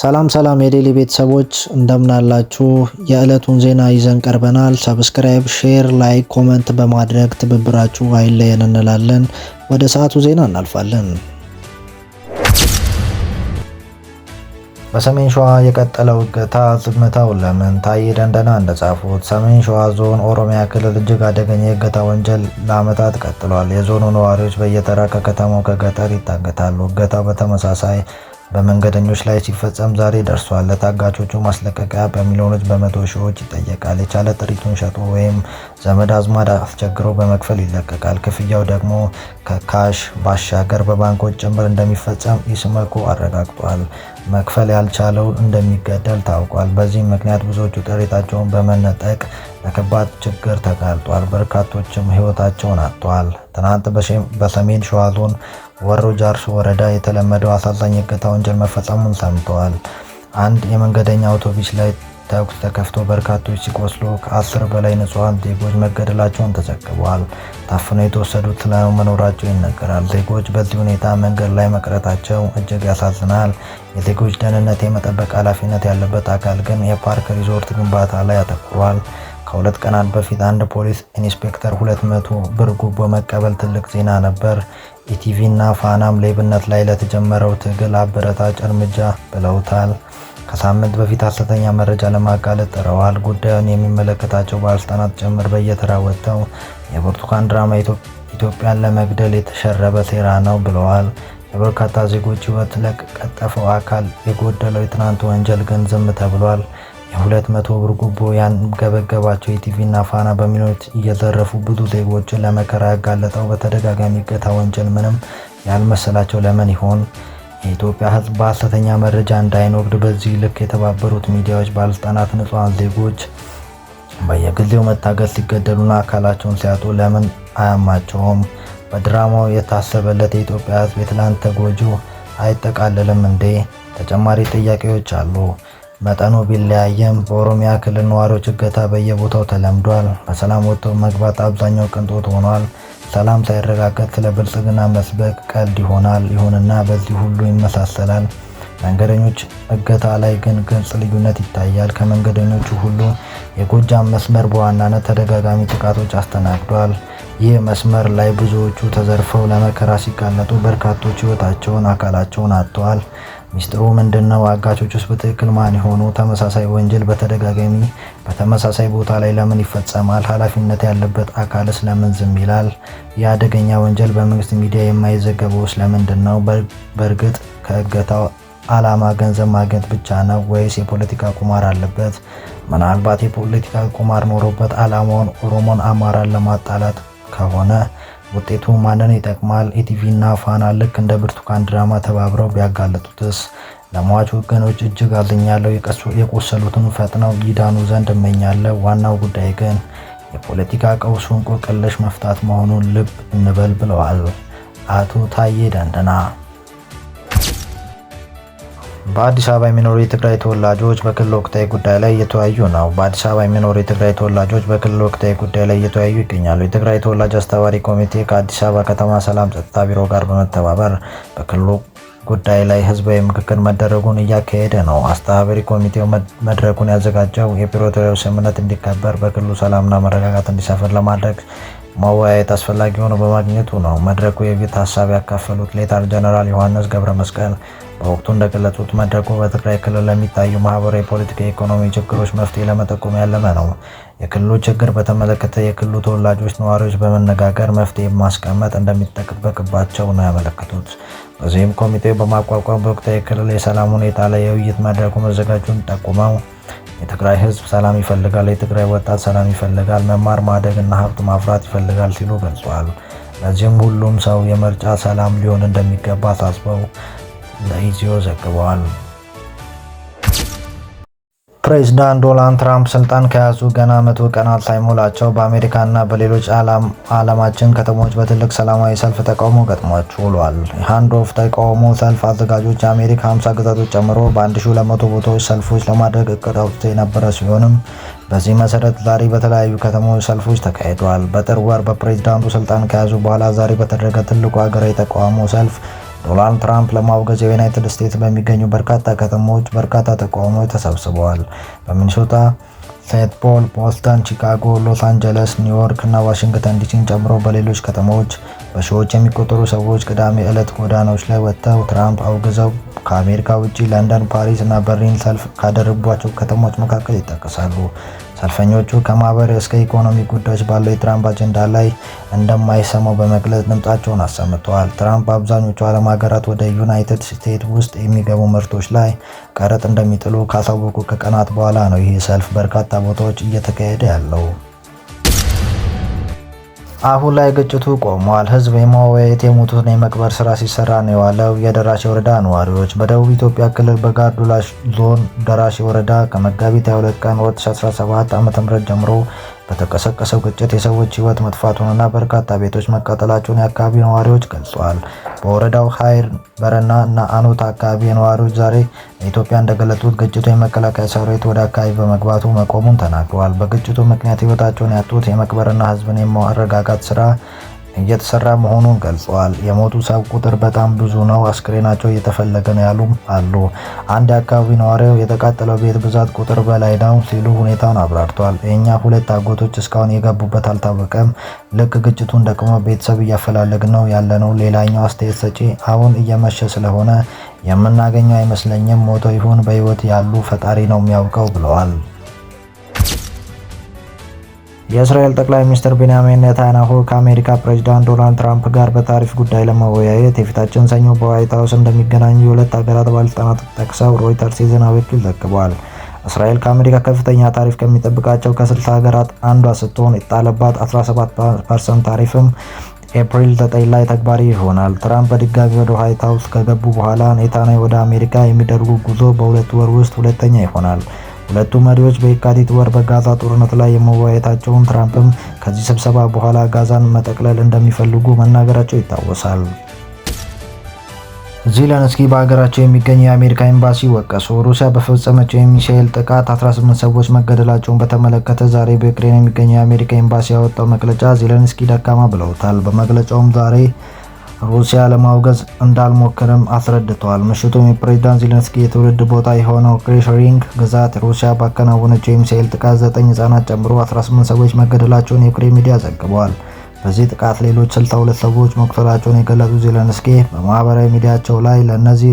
ሰላም ሰላም የዴሊ ቤተሰቦች እንደምናላችሁ፣ የዕለቱን ዜና ይዘን ቀርበናል። ሰብስክራይብ፣ ሼር፣ ላይክ፣ ኮመንት በማድረግ ትብብራችሁ አይለየን እንላለን። ወደ ሰዓቱ ዜና እናልፋለን። በሰሜን ሸዋ የቀጠለው እገታ ዝምታው ለምን? ታዬ ደንደና እንደጻፉት ሰሜን ሸዋ ዞን ኦሮሚያ ክልል እጅግ አደገኛ የእገታ ወንጀል ለዓመታት ቀጥሏል። የዞኑ ነዋሪዎች በየተራ ከከተማው ከገጠር ይታገታሉ። እገታው በተመሳሳይ በመንገደኞች ላይ ሲፈጸም ዛሬ ደርሷል። ለታጋቾቹ ማስለቀቂያ በሚሊዮኖች በመቶ ሺዎች ይጠየቃል። የቻለ ጥሪቱን ሸጦ ወይም ዘመድ አዝማድ አስቸግሮ በመክፈል ይለቀቃል። ክፍያው ደግሞ ከካሽ ባሻገር በባንኮች ጭምር እንደሚፈጸም ኢሰመኮ አረጋግጧል። መክፈል ያልቻለው እንደሚገደል ታውቋል። በዚህም ምክንያት ብዙዎቹ ጥሪታቸውን በመነጠቅ ለከባድ ችግር ተጋልጧል። በርካቶችም ሕይወታቸውን አጥተዋል። ትናንት በሰሜን ሸዋ ዞን ወሮ ጃርሶ ወረዳ የተለመደው አሳዛኝ የእገታ ወንጀል መፈጸሙን ሰምተዋል። አንድ የመንገደኛ አውቶቡስ ላይ ተኩስ ተከፍቶ በርካቶች ሲቆስሉ ከአስር በላይ ንጹሐን ዜጎች መገደላቸውን ተዘግበዋል። ታፍነው የተወሰዱት ስለመኖራቸው ይነገራል። ዜጎች በዚህ ሁኔታ መንገድ ላይ መቅረታቸው እጅግ ያሳዝናል። የዜጎች ደህንነት የመጠበቅ ኃላፊነት ያለበት አካል ግን የፓርክ ሪዞርት ግንባታ ላይ አተኩሯል። ከሁለት ቀናት በፊት አንድ ፖሊስ ኢንስፔክተር 200 መቶ ብር ጉቦ መቀበል ትልቅ ዜና ነበር። ኢቲቪና ፋናም ሌብነት ላይ ለተጀመረው ትግል አበረታች እርምጃ ብለውታል። ከሳምንት በፊት ሐሰተኛ መረጃ ለማጋለጥ ጥረዋል። ጉዳዩን የሚመለከታቸው ባለስልጣናት ጭምር በየተራ ወጥተው የብርቱካን ድራማ ኢትዮጵያን ለመግደል የተሸረበ ሴራ ነው ብለዋል። የበርካታ ዜጎች ሕይወት ለቀጠፈው አካል የጎደለው የትናንት ወንጀል ግን ዝም ተብሏል። የሁለት መቶ ብር ጉቦ ያንገበገባቸው ኢቲቪና ፋና በሚሊዮኖች እየዘረፉ ብዙ ዜጎችን ለመከራ ያጋለጠው በተደጋጋሚ እገታ ወንጀል ምንም ያልመሰላቸው ለምን ይሆን? የኢትዮጵያ ሕዝብ በሀሰተኛ መረጃ እንዳይኖርድ በዚህ ልክ የተባበሩት ሚዲያዎች ባለስልጣናት ንጹሐን ዜጎች በየጊዜው መታገዝ ሲገደሉና አካላቸውን ሲያጡ ለምን አያማቸውም? በድራማው የታሰበለት የኢትዮጵያ ሕዝብ የትላንት ተጎጂ አይጠቃለልም እንዴ? ተጨማሪ ጥያቄዎች አሉ። መጠኑ ቢለያየም በኦሮሚያ ክልል ነዋሪዎች እገታ በየቦታው ተለምዷል። በሰላም ወጥቶ መግባት አብዛኛው ቅንጦት ሆኗል። ሰላም ሳይረጋገጥ ስለ ብልጽግና መስበክ ቀልድ ይሆናል። ይሁንና በዚህ ሁሉ ይመሳሰላል። መንገደኞች እገታ ላይ ግን ግልጽ ልዩነት ይታያል። ከመንገደኞቹ ሁሉ የጎጃም መስመር በዋናነት ተደጋጋሚ ጥቃቶች አስተናግዷል። ይህ መስመር ላይ ብዙዎቹ ተዘርፈው ለመከራ ሲጋለጡ፣ በርካቶች ሕይወታቸውን አካላቸውን አጥተዋል። ሚስጥሩ ምንድነው? አጋቾቹስ በትክክል ማን የሆኑ? ተመሳሳይ ወንጀል በተደጋጋሚ በተመሳሳይ ቦታ ላይ ለምን ይፈጸማል? ኃላፊነት ያለበት አካልስ ለምን ዝም ይላል? የአደገኛ ወንጀል በመንግስት ሚዲያ የማይዘገበውስ ለምንድን ነው? በእርግጥ ከእገታው አላማ ገንዘብ ማግኘት ብቻ ነው ወይስ የፖለቲካ ቁማር አለበት? ምናልባት የፖለቲካ ቁማር ኖሮበት አላማውን ኦሮሞን አማራን ለማጣላት ከሆነ ውጤቱ ማንን ይጠቅማል? ኢቲቪ እና ፋና ልክ እንደ ብርቱካን ድራማ ተባብረው ቢያጋለጡትስ? ለሟች ወገኖች እጅግ አዝኛለሁ። የቆሰሉትን ፈጥነው ይዳኑ ዘንድ እመኛለሁ። ዋናው ጉዳይ ግን የፖለቲካ ቀውሱ እንቆቅልሽ መፍታት መሆኑን ልብ እንበል ብለዋል አቶ ታዬ ደንድና በአዲስ አበባ የሚኖሩ የትግራይ ተወላጆች በክልል ወቅታዊ ጉዳይ ላይ እየተወያዩ ነው። በአዲስ አበባ የሚኖሩ የትግራይ ተወላጆች በክልል ወቅታዊ ጉዳይ ላይ እየተወያዩ ይገኛሉ። የትግራይ ተወላጅ አስተባባሪ ኮሚቴ ከአዲስ አበባ ከተማ ሰላም ጸጥታ ቢሮ ጋር በመተባበር በክልሉ ጉዳይ ላይ ህዝባዊ ምክክር መደረጉን እያካሄደ ነው። አስተባባሪ ኮሚቴው መድረኩን ያዘጋጀው የፕሪቶሪያው ስምምነት እንዲከበር፣ በክልሉ ሰላምና መረጋጋት እንዲሰፍን ለማድረግ መወያየት አስፈላጊ ሆኖ በማግኘቱ ነው። መድረኩ የቤት ሀሳብ ያካፈሉት ሌታር ጀነራል ዮሐንስ ገብረ መስቀል በወቅቱ እንደገለጹት መድረኩ በትግራይ ክልል ለሚታዩ ማህበራዊ፣ ፖለቲካ፣ ኢኮኖሚ ችግሮች መፍትሄ ለመጠቆም ያለመ ነው። የክልሉ ችግር በተመለከተ የክልሉ ተወላጆች፣ ነዋሪዎች በመነጋገር መፍትሄ ማስቀመጥ እንደሚጠበቅባቸው ነው ያመለከቱት። በዚህም ኮሚቴው በማቋቋም በወቅታዊ የክልል የሰላም ሁኔታ ላይ የውይይት መድረኩ መዘጋጁን ጠቁመው የትግራይ ህዝብ ሰላም ይፈልጋል፣ የትግራይ ወጣት ሰላም ይፈልጋል፣ መማር ማደግና ሀብት ማፍራት ይፈልጋል ሲሉ ገልጿል። ለዚህም ሁሉም ሰው የምርጫ ሰላም ሊሆን እንደሚገባ አሳስበው ለኢትዮ ዘግበዋል። ፕሬዚዳንት ዶናልድ ትራምፕ ስልጣን ከያዙ ገና መቶ ቀናት ሳይሞላቸው በአሜሪካና በሌሎች ዓለማችን ከተሞች በትልቅ ሰላማዊ ሰልፍ ተቃውሞ ገጥሟቸው ውሏል። ሃንድ ተቃውሞ ሰልፍ አዘጋጆች የአሜሪካ 50 ግዛቶች ጨምሮ በ1200 ቦታዎች ሰልፎች ለማድረግ እቅድ አውጥቶ የነበረ ሲሆንም በዚህ መሰረት ዛሬ በተለያዩ ከተሞች ሰልፎች ተካሂደዋል። በጥር ወር በፕሬዚዳንቱ ስልጣን ከያዙ በኋላ ዛሬ በተደረገ ትልቁ ሀገራዊ ተቃውሞ ሰልፍ ዶናልድ ትራምፕ ለማውገዝ የዩናይትድ ስቴትስ በሚገኙ በርካታ ከተሞች በርካታ ተቋሞች ተሰብስበዋል። በሚኒሶታ፣ ሴንት ፖል፣ ቦስተን፣ ቺካጎ፣ ሎስ አንጀለስ፣ ኒውዮርክ እና ዋሽንግተን ዲሲን ጨምሮ በሌሎች ከተሞች በሺዎች የሚቆጠሩ ሰዎች ቅዳሜ ዕለት ጎዳናዎች ላይ ወጥተው ትራምፕ አውግዘው ከአሜሪካ ውጭ ለንደን፣ ፓሪስ እና በርሊን ሰልፍ ካደረጓቸው ከተሞች መካከል ይጠቀሳሉ። ሰልፈኞቹ ከማህበራዊ እስከ ኢኮኖሚ ጉዳዮች ባለው የትራምፕ አጀንዳ ላይ እንደማይሰማው በመግለጽ ድምጻቸውን አሰምተዋል። ትራምፕ በአብዛኞቹ ዓለም ሀገራት ወደ ዩናይትድ ስቴትስ ውስጥ የሚገቡ ምርቶች ላይ ቀረጥ እንደሚጥሉ ካሳወቁ ከቀናት በኋላ ነው ይህ ሰልፍ በርካታ ቦታዎች እየተካሄደ ያለው። አሁን ላይ ግጭቱ ቆሟል። ህዝብ የማወያየት የሞቱትን የመቅበር ስራ ሲሰራ ነው የዋለው። የደራሼ ወረዳ ነዋሪዎች በደቡብ ኢትዮጵያ ክልል በጋርዱላ ዞን ደራሼ ወረዳ ከመጋቢት 22 ቀን 2017 ዓ.ም ጀምሮ በተቀሰቀሰው ግጭት የሰዎች ህይወት መጥፋቱንና በርካታ ቤቶች መቃጠላቸውን የአካባቢ ነዋሪዎች ገልጸዋል። በወረዳው ሀይር በረና እና አኖታ አካባቢ ነዋሪዎች ዛሬ ለኢትዮጵያ እንደገለጹት ግጭቱ የመከላከያ ሰራዊት ወደ አካባቢ በመግባቱ መቆሙን ተናግረዋል። በግጭቱ ምክንያት ሕይወታቸውን ያጡት የመቅበርና ህዝብን የማረጋጋት ስራ እየተሰራ መሆኑን ገልጸዋል። የሞቱ ሰው ቁጥር በጣም ብዙ ነው፣ አስክሬናቸው እየተፈለገ ነው ያሉም አሉ። አንድ የአካባቢ ነዋሪው የተቃጠለው ቤት ብዛት ቁጥር በላይ ነው ሲሉ ሁኔታውን አብራርቷል። የእኛ ሁለት አጎቶች እስካሁን የገቡበት አልታወቀም። ልክ ግጭቱ እንደቆመ ቤተሰብ እያፈላለግን ነው ያለነው። ሌላኛው አስተያየት ሰጪ አሁን እየመሸ ስለሆነ የምናገኘው አይመስለኝም። ሞተው ይሁን በህይወት ያሉ ፈጣሪ ነው የሚያውቀው ብለዋል። የእስራኤል ጠቅላይ ሚኒስትር ቤንያሚን ኔታንያሁ ከአሜሪካ ፕሬዚዳንት ዶናልድ ትራምፕ ጋር በታሪፍ ጉዳይ ለመወያየት የፊታችን ሰኞ በዋይት ሀውስ እንደሚገናኙ የሁለት ሀገራት ባለስልጣናት ጠቅሰው ሮይተርስ የዜና ወኪል ዘግቧል። እስራኤል ከአሜሪካ ከፍተኛ ታሪፍ ከሚጠብቃቸው ከ60 ሀገራት አንዷ ስትሆን የጣለባት 17 ታሪፍም ኤፕሪል 9 ላይ ተግባሪ ይሆናል። ትራምፕ በድጋሚ ወደ ዋይት ሀውስ ከገቡ በኋላ ኔታንያሁ ወደ አሜሪካ የሚደርጉ ጉዞ በሁለት ወር ውስጥ ሁለተኛ ይሆናል። ሁለቱ መሪዎች በየካቲት ወር በጋዛ ጦርነት ላይ የመወያየታቸውን ትራምፕም ከዚህ ስብሰባ በኋላ ጋዛን መጠቅለል እንደሚፈልጉ መናገራቸው ይታወሳል። ዜለንስኪ በሀገራቸው የሚገኝ የአሜሪካ ኤምባሲ ወቀሱ። ሩሲያ በፈጸመችው የሚሳኤል ጥቃት 18 ሰዎች መገደላቸውን በተመለከተ ዛሬ በዩክሬን የሚገኝ የአሜሪካ ኤምባሲ ያወጣው መግለጫ ዜለንስኪ ደካማ ብለውታል። በመግለጫውም ዛሬ ሩሲያ ለማውገዝ እንዳልሞከረም አስረድተዋል። ምሽቱም የፕሬዚዳንት ዜሌንስኪ የትውልድ ቦታ የሆነው ክሬሽሪንግ ግዛት ሩሲያ ባከናወነችው የሚሳኤል ጥቃት ዘጠኝ ህጻናት ጨምሮ 18 ሰዎች መገደላቸውን የዩክሬን ሚዲያ ዘግበዋል። በዚህ ጥቃት ሌሎች 62 ሰዎች መቁሰላቸውን የገለጹ ዜሌንስኪ በማህበራዊ ሚዲያቸው ላይ ለእነዚህ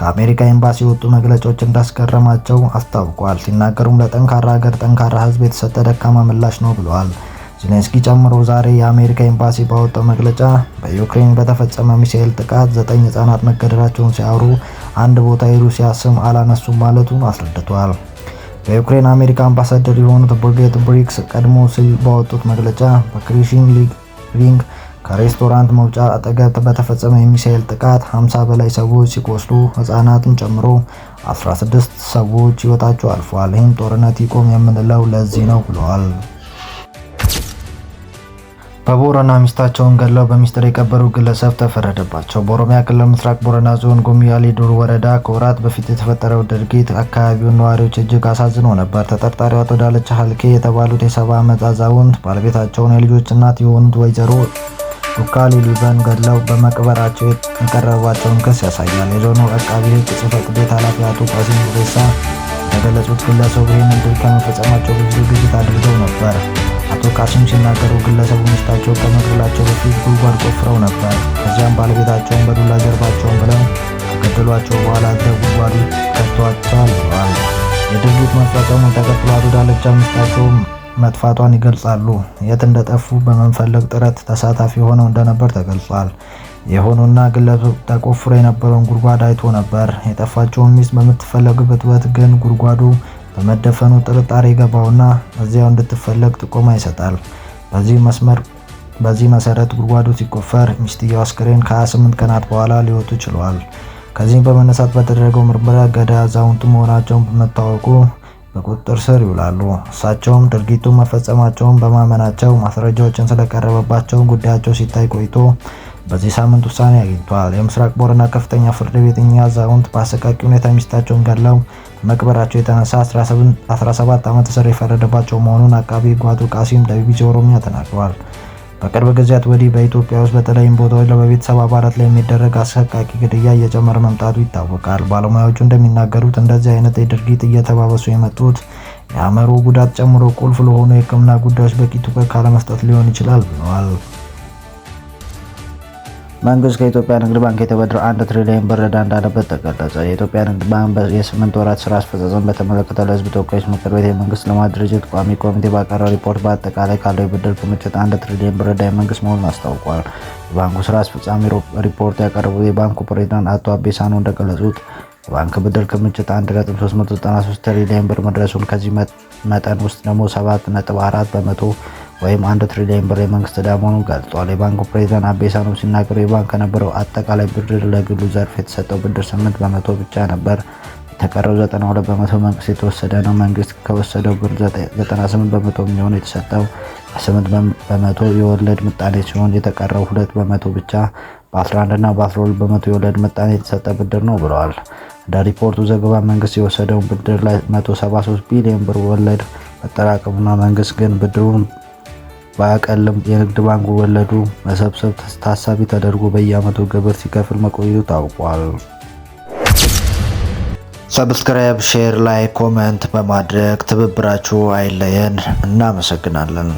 ከአሜሪካ ኤምባሲ የወጡ መግለጫዎች እንዳስገረማቸው አስታውቋል። ሲናገሩም ለጠንካራ ሀገር ጠንካራ ህዝብ የተሰጠ ደካማ ምላሽ ነው ብለዋል። ዜሌንስኪ ጨምሮ ዛሬ የአሜሪካ ኤምባሲ ባወጣው መግለጫ በዩክሬን በተፈጸመ ሚሳኤል ጥቃት ዘጠኝ ህጻናት መገደላቸውን ሲያወሩ አንድ ቦታ የሩሲያ ስም አላነሱም ማለቱን አስረድቷል። በዩክሬን አሜሪካ አምባሳደር የሆኑት ብርጌት ብሪክስ ቀድሞ ሲል ባወጡት መግለጫ በክሪሽን ሪንግ ከሬስቶራንት መውጫ አጠገብ በተፈጸመ የሚሳኤል ጥቃት 50 በላይ ሰዎች ሲቆስሉ ህጻናትን ጨምሮ 16 ሰዎች ህይወታቸው አልፏል። ይህም ጦርነት ይቆም የምንለው ለዚህ ነው ብለዋል። በቦረና ሚስታቸውን ገድለው በሚስጥር የቀበሩ ግለሰብ ተፈረደባቸው። በኦሮሚያ ክልል ምስራቅ ቦረና ዞን ጎሚያሌ ዱር ወረዳ ከወራት በፊት የተፈጠረው ድርጊት አካባቢውን ነዋሪዎች እጅግ አሳዝኖ ነበር። ተጠርጣሪው አቶ ዳለች ሀልኬ የተባሉት የሰባ ዓመት አዛውንት ባለቤታቸውን የልጆች እናት የሆኑት ወይዘሮ ዱካሌ ሊበን ገድለው በመቅበራቸው የቀረባቸውን ክስ ያሳያል። የዞኑ አቃቢ ሕግ ጽህፈት ቤት ኃላፊ አቶ ቃሲም ሁሬሳ የገለጹት ግለሰቡ ይህንን ድርጊት ከመፈጸማቸው በፊት ግጭት አድርገው ነበር። አቶ ቃሲም ሲናገሩ ግለሰቡ ሚስታቸው ከመግደላቸው በፊት ጉድጓድ ቆፍረው ነበር። ከዚያም ባለቤታቸውን በዱላ ጀርባቸውን ብለው ከገደሏቸው በኋላ ጉድጓዱ ከተዋቸዋል ብለዋል። የድርጊት መፈጸሙን ተከትሎ አቶ ዳለቻ ሚስታቸው መጥፋቷን ይገልጻሉ። የት እንደጠፉ በመንፈለግ ጥረት ተሳታፊ ሆነው እንደነበር ተገልጿል። የሆኑና ግለሰብ ተቆፍሮ የነበረውን ጉድጓድ አይቶ ነበር። የጠፋችውን ሚስት በምትፈለግበት ወቅት ግን ጉድጓዱ በመደፈኑ ጥርጣሬ ገባውና እዚያው እንድትፈለግ ጥቆማ ይሰጣል። በዚህ መስመር በዚህ መሰረት ጉድጓዱ ሲቆፈር ሚስትየው አስክሬን ከ28 ቀናት በኋላ ሊወጡ ችሏል። ከዚህም በመነሳት በተደረገው ምርመራ ገዳይ አዛውንቱ መሆናቸውን በመታወቁ በቁጥጥር ስር ይውላሉ። እሳቸውም ድርጊቱን መፈጸማቸውን በማመናቸው ማስረጃዎችን ስለቀረበባቸው ጉዳያቸው ሲታይ ቆይቶ በዚህ ሳምንት ውሳኔ አግኝቷል። የምስራቅ ቦረና ከፍተኛ ፍርድ ቤት እኛ አዛውንት በአሰቃቂ ሁኔታ ሚስታቸውን ገድለው መቅበራቸው የተነሳ 17 ዓመት እስር የፈረደባቸው መሆኑን አቃቢ ሕጉ ቃሲም ለቢቢሲ ኦሮሚያ ተናግረዋል። በቅርብ ጊዜያት ወዲህ በኢትዮጵያ ውስጥ በተለይም ቦታዎች በቤተሰብ አባላት ላይ የሚደረግ አሰቃቂ ግድያ እየጨመረ መምጣቱ ይታወቃል። ባለሙያዎቹ እንደሚናገሩት እንደዚህ አይነት ድርጊት እየተባበሱ የመጡት የአእምሮ ጉዳት ጨምሮ ቁልፍ ለሆኑ የሕክምና ጉዳዮች በቂ ትኩረት ካለመስጠት ሊሆን ይችላል ብለዋል። መንግስት ከኢትዮጵያ ንግድ ባንክ የተበደረው አንድ ትሪሊዮን ብር ዳ እንዳለበት ተገለጸ። የኢትዮጵያ ንግድ ባንክ የስምንት ወራት ስራ አስፈጻጸም በተመለከተ ለህዝብ ተወካዮች ምክር ቤት የመንግስት ልማት ድርጅት ቋሚ ኮሚቴ ባቀረበ ሪፖርት በአጠቃላይ ካለው የብድር ክምችት አንድ ትሪሊዮን ብር ዕዳ የመንግስት መሆኑን አስታውቋል። የባንኩ ስራ አስፈጻሚ ሪፖርት ያቀረቡት የባንኩ ፕሬዚዳንት አቶ አቤ ሳኖ እንደገለጹት የባንክ ብድር ክምችት 1.393 ትሪሊዮን ብር መድረሱን ከዚህ መጠን ውስጥ ደግሞ 7.4 በመቶ ወይም አንድ ትሪሊዮን ብር የመንግስት ዕዳ መሆኑን ገልጿል። የባንኩ ፕሬዚዳንት አቤ ሳኖ ሲናገሩ የባንክ ከነበረው አጠቃላይ ብድር ለግሉ ዘርፍ የተሰጠው ብድር 8 በመቶ ብቻ ነበር። የተቀረው 92 በመቶ መንግስት የተወሰደ ነው። መንግስት ከወሰደው ብር 98 በመቶ የሚሆኑ የተሰጠው 8 በመቶ የወለድ ምጣኔ ሲሆን የተቀረው ሁለት በመቶ ብቻ በ11 እና በ12 በመቶ የወለድ ምጣኔ የተሰጠ ብድር ነው ብለዋል። እንደ ሪፖርቱ ዘገባ መንግስት የወሰደውን ብድር ላይ 173 ቢሊዮን ብር ወለድ መጠራቀሙና መንግስት ግን ብድሩን በአቀልም የንግድ ባንክ ወለዱ መሰብሰብ ታሳቢ ተደርጎ በየዓመቱ ግብር ሲከፍል መቆየቱ ታውቋል። ሰብስክራይብ፣ ሼር ላይ ኮሜንት በማድረግ ትብብራችሁ አይለየን። እናመሰግናለን።